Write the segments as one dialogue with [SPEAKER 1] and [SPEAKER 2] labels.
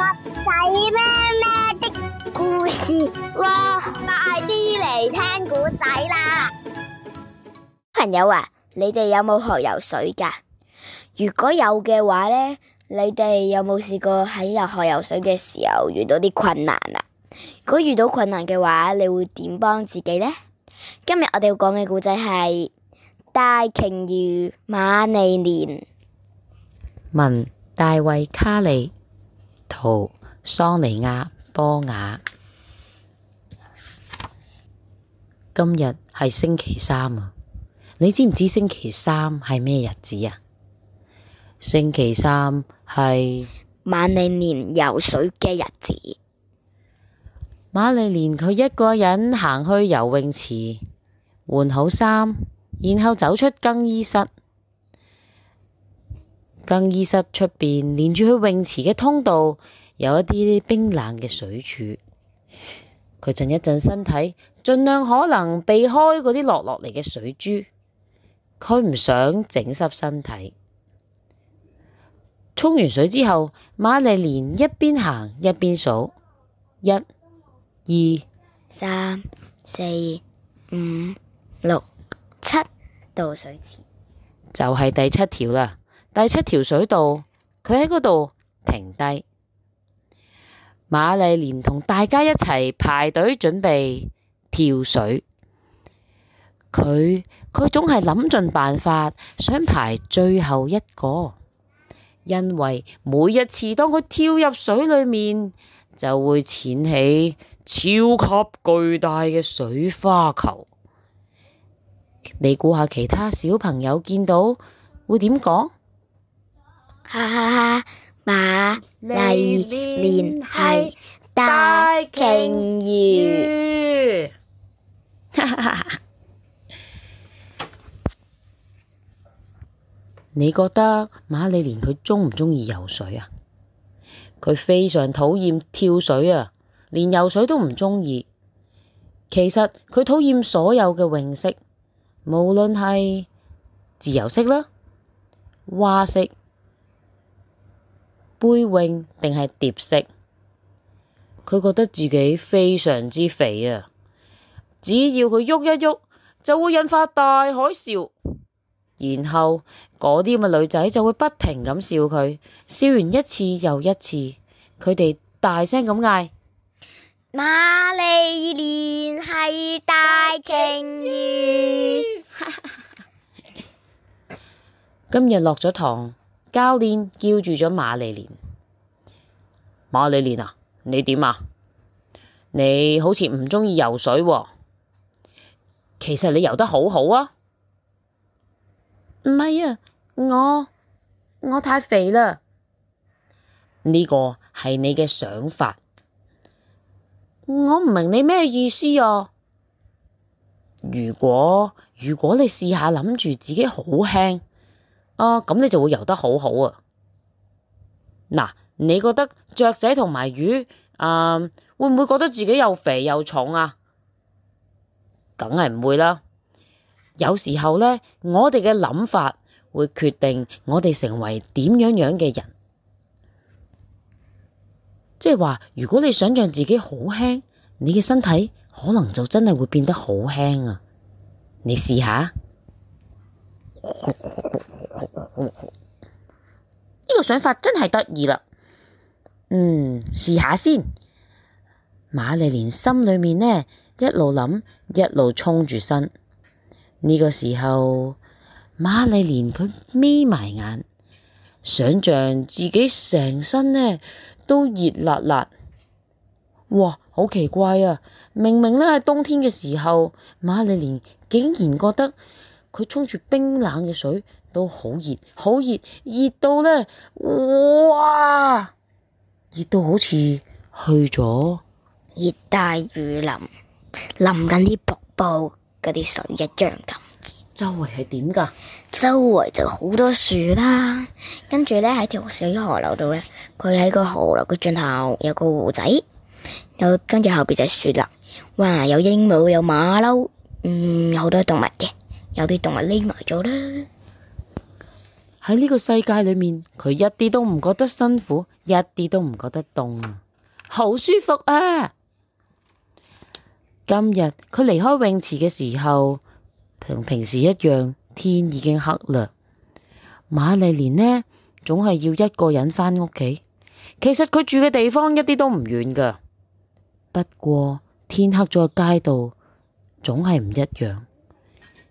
[SPEAKER 1] 仔咩咩的故事喎，快啲嚟聽古仔啦！朋友啊，你哋有冇學游水噶？如果有嘅話呢，你哋有冇試過喺又學游水嘅時候遇到啲困難啊？如果遇到困難嘅話，你會點幫自己呢？今日我哋要講嘅古仔係《大鯨魚瑪莉蓮》，
[SPEAKER 2] 文大衛卡利。圖：桑妮亞．波瓦，今日係星期三啊！你知唔知星期三係咩日子啊？星期三係瑪莉蓮游水嘅日子。瑪莉蓮佢一個人行去游泳池，換好衫，然後走出更衣室。更衣室出邊連住去泳池嘅通道，有一啲冰冷嘅水柱。佢震一震身體，盡量可能避開嗰啲落落嚟嘅水珠。佢唔想整濕身體。沖完水之後，瑪莉蓮一邊行一邊數：一、二、三、四、五、六、七，到水池就係第七條啦。第七條水道，佢喺嗰度停低。瑪莉蓮同大家一齊排隊準備跳水。佢佢總係諗盡辦法想排最後一個，因為每一次當佢跳入水裏面，就會濺起超級巨大嘅水花球。你估下，其他小朋友見到會點講？
[SPEAKER 1] 哈哈哈！瑪莉蓮係大鯨魚。
[SPEAKER 2] 你覺得瑪莉蓮佢鍾唔鍾意游水啊？佢非常討厭跳水啊，連游水都唔鍾意。其實佢討厭所有嘅泳式，無論係自由式啦、蛙式。背泳定係蝶式，佢覺得自己非常之肥啊！只要佢喐一喐，就會引發大海嘯，然後嗰啲咁嘅女仔就會不停咁笑佢，笑完一次又一次，佢哋大聲咁嗌：
[SPEAKER 1] 瑪莉蓮係大鯨魚。
[SPEAKER 2] 今日落咗堂。教練叫住咗瑪莉蓮。瑪莉蓮啊，你點啊？你好似唔鍾意游水喎，其實你游得好好啊。唔係啊，我我太肥啦。呢個係你嘅想法。我唔明你咩意思哦啊。如果如果你試下諗住自己好輕。啊，咁、哦、你就會游得好好啊！嗱，你覺得雀仔同埋魚啊，呃，會唔會覺得自己又肥又重啊？梗係唔會啦。有時候呢，我哋嘅諗法會決定我哋成為點樣樣嘅人。即係話，如果你想象自己好輕，你嘅身體可能就真係會變得好輕啊！你試下。呢、這個想法真係得意啦，嗯，試下先。瑪莉蓮心裏面呢，一路諗，一路沖住身。呢、這個時候，瑪莉蓮佢眯埋眼，想象自己成身呢都熱辣辣。哇，好奇怪啊！明明呢喺冬天嘅時候，瑪莉蓮竟然覺得佢沖住冰冷嘅水。都好熱，好熱，熱到呢，哇！熱到好似去咗熱帶雨林，
[SPEAKER 1] 淋緊啲瀑布嗰啲水一樣咁熱。周圍係點㗎？周圍就好多樹啦，跟住呢，喺條小河流度呢，佢喺個河流嘅盡頭有個湖仔，又跟住後邊就樹啦。哇！有鸚鵡，有馬騮，嗯，好多動物嘅，有啲動物匿埋咗啦。
[SPEAKER 2] 喺呢個世界裏面，佢一啲都唔覺得辛苦，一啲都唔覺得凍啊，好舒服啊！今日佢離開泳池嘅時候，同平時一樣，天已經黑啦。瑪莉蓮呢，總係要一個人翻屋企。其實佢住嘅地方一啲都唔遠㗎，不過天黑咗，街道總係唔一樣。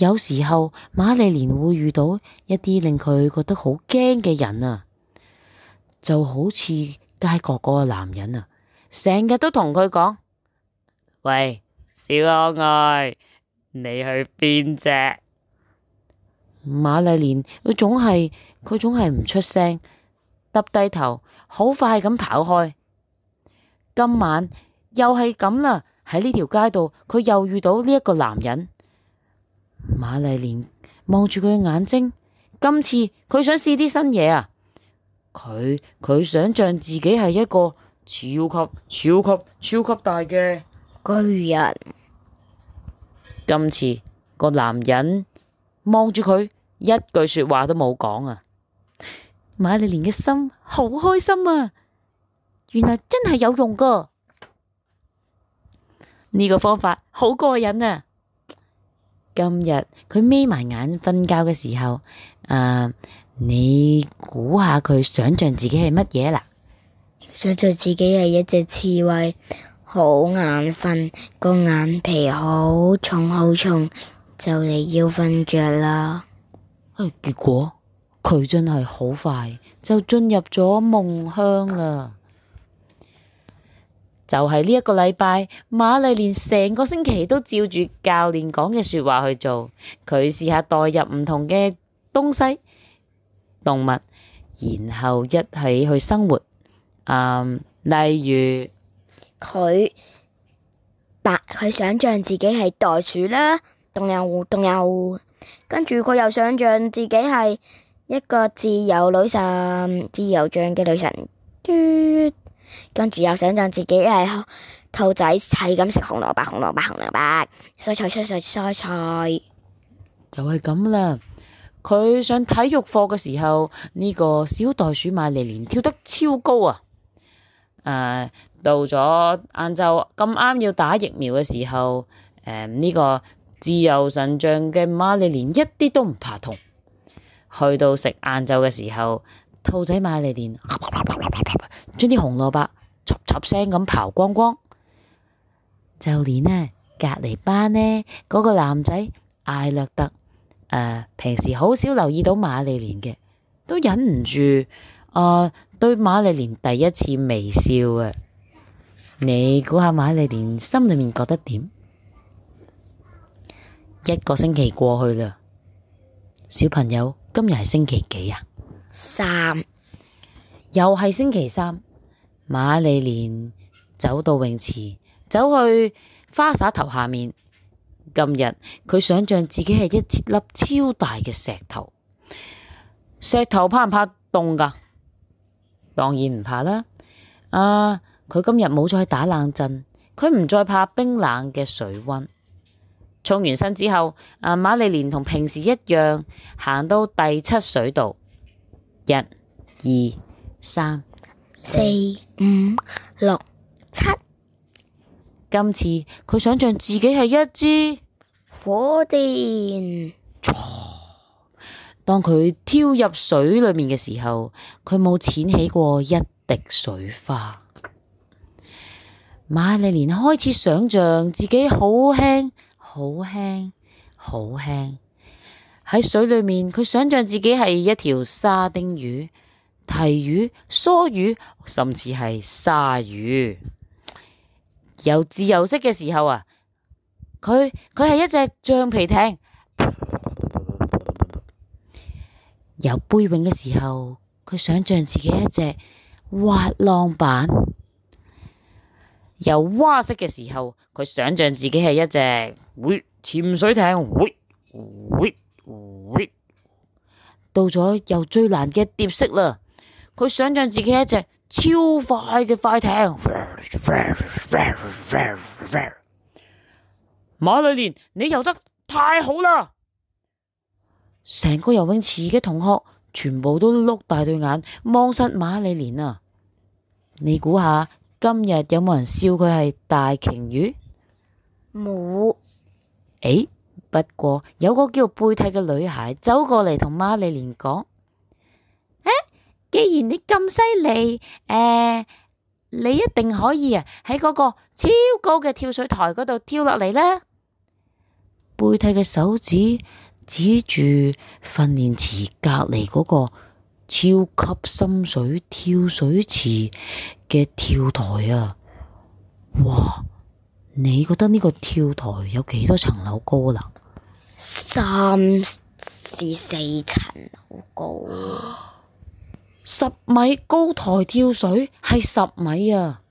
[SPEAKER 2] 有時候瑪莉蓮會遇到一啲令佢覺得好驚嘅人啊，就好似街角嗰個男人啊，成日都同佢講：「喂，小可愛，你去邊只？瑪莉蓮佢總係佢總係唔出聲，耷低頭，好快咁跑開。今晚又係咁啦，喺呢條街度，佢又遇到呢一個男人。瑪麗蓮望住佢嘅眼睛，今次佢想試啲新嘢啊！佢佢想象自己係一個超級超級超級大嘅巨人。今次個男人望住佢，一句說話都冇講啊！瑪麗蓮嘅心好開心啊！原來真係有用㗎，呢個方法，好過癮啊！今日佢眯埋眼瞓覺嘅時候，誒、啊，你估下佢想象自己係乜嘢啦？
[SPEAKER 1] 想象自己係一隻刺蝟，好眼瞓，個眼皮好重好重，就嚟要瞓着啦。
[SPEAKER 2] 誒，結果佢真係好快就進入咗夢鄉啦。就係呢一個禮拜，瑪莉蓮成個星期都照住教練講嘅說話去做。佢試下代入唔同嘅東西、動物，然後一起去生活。嗯，例如佢白佢
[SPEAKER 1] 想象自己係袋鼠啦，仲有仲有，跟住佢又想象自己係一個自由女神、自由像嘅女神。跟住又想象自己係兔仔，係咁食紅蘿蔔、紅蘿
[SPEAKER 2] 蔔、紅蘿蔔、蔬菜、蔬菜、蔬菜。就係咁啦。佢上體育課嘅時候，呢、這個小袋鼠瑪莉蓮跳得超高啊！誒、啊，到咗晏晝咁啱要打疫苗嘅時候，誒、啊、呢、這個自由神像嘅瑪莉蓮一啲都唔怕痛。去到食晏晝嘅時候，兔仔瑪莉蓮將啲紅蘿蔔。嘈嘈聲咁刨光光，就連呢隔籬班呢嗰個男仔艾略特誒，平時好少留意到瑪莉蓮嘅，都忍唔住誒對瑪莉蓮第一次微笑啊！你估下瑪莉蓮心裏面覺得點？一個星期過去啦，小朋友，今日係星期幾啊？三，又係星期三。瑪莉蓮走到泳池，走去花灑頭下面。今日佢想象自己係一粒超大嘅石頭。石頭怕唔怕凍㗎？當然唔怕啦。啊，佢今日冇再打冷震，佢唔再怕冰冷嘅水溫。沖完身之後，啊，瑪莉蓮同平時一樣行到第七水道，一、二、三。四、五、六、七。今次佢想象自己
[SPEAKER 1] 係一支火箭電。
[SPEAKER 2] 當佢跳入水裏面嘅時候，佢冇濺起過一滴水花。瑪莉蓮開始想象自己好輕，好輕，好輕。喺水裏面，佢想象自己係一條沙丁魚。提魚、梭魚，甚至係鯊魚，游自由式嘅時候啊，佢佢係一隻橡皮艇；游背泳嘅時候，佢想象自己一隻滑浪板；游蛙式嘅時候，佢想象自己係一隻會潛水艇；到咗游最難嘅蝶式啦。佢想象自己一隻超快嘅快艇，瑪莉蓮，你游得太好啦！成個游泳池嘅同學全部都碌大對眼望實瑪莉蓮啊！你估下今日有冇人笑佢係大鯨魚？冇有。誒、欸，不過有個叫貝蒂嘅女孩走過嚟同瑪莉蓮講：欸既然你咁犀利，誒、呃，你一定可以啊，喺嗰個超高嘅跳水台嗰度跳落嚟啦。貝蒂嘅手指指住訓練池隔籬嗰個超級深水跳水池嘅跳台啊，哇！你覺得呢個跳台有幾多層樓高啦？
[SPEAKER 1] 三至四層樓高。
[SPEAKER 2] 十米高台跳水係十米啊！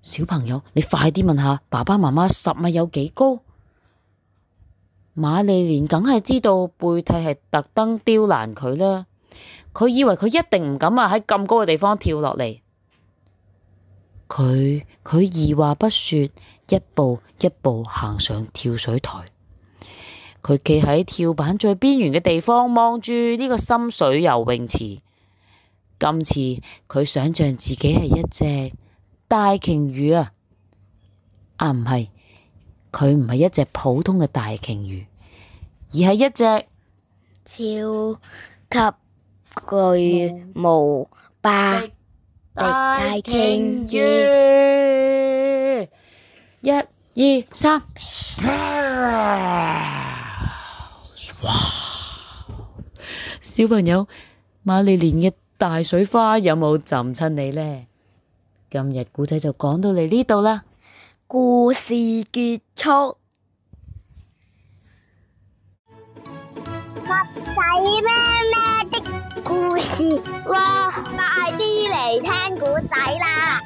[SPEAKER 2] 小朋友，你快啲問下爸爸媽媽，十米有幾高？瑪麗蓮梗係知道貝蒂係特登刁難佢啦。佢以為佢一定唔敢啊，喺咁高嘅地方跳落嚟。佢佢二話不說，一步一步行上跳水台。佢企喺跳板最邊緣嘅地方，望住呢個深水游泳池。今次佢想象自己係一隻大鯨魚啊！啊，唔係，佢唔係一隻普通嘅大鯨魚，而係一隻超級巨無霸大鯨魚。一、二、三， 小朋友，瑪莉蓮嘅。大水花有冇浸親你呢？今日古仔就講到你呢度啦，故事結束。襪仔
[SPEAKER 1] 咩咩的故事，哇快啲嚟聽古仔啦！